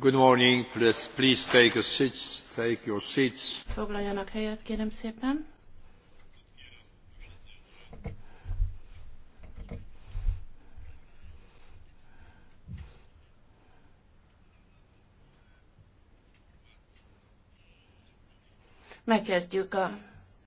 Good morning, please, please take, a seats, take your seats. Foglaljanak helyet, kérem szépen. Megkezdjük a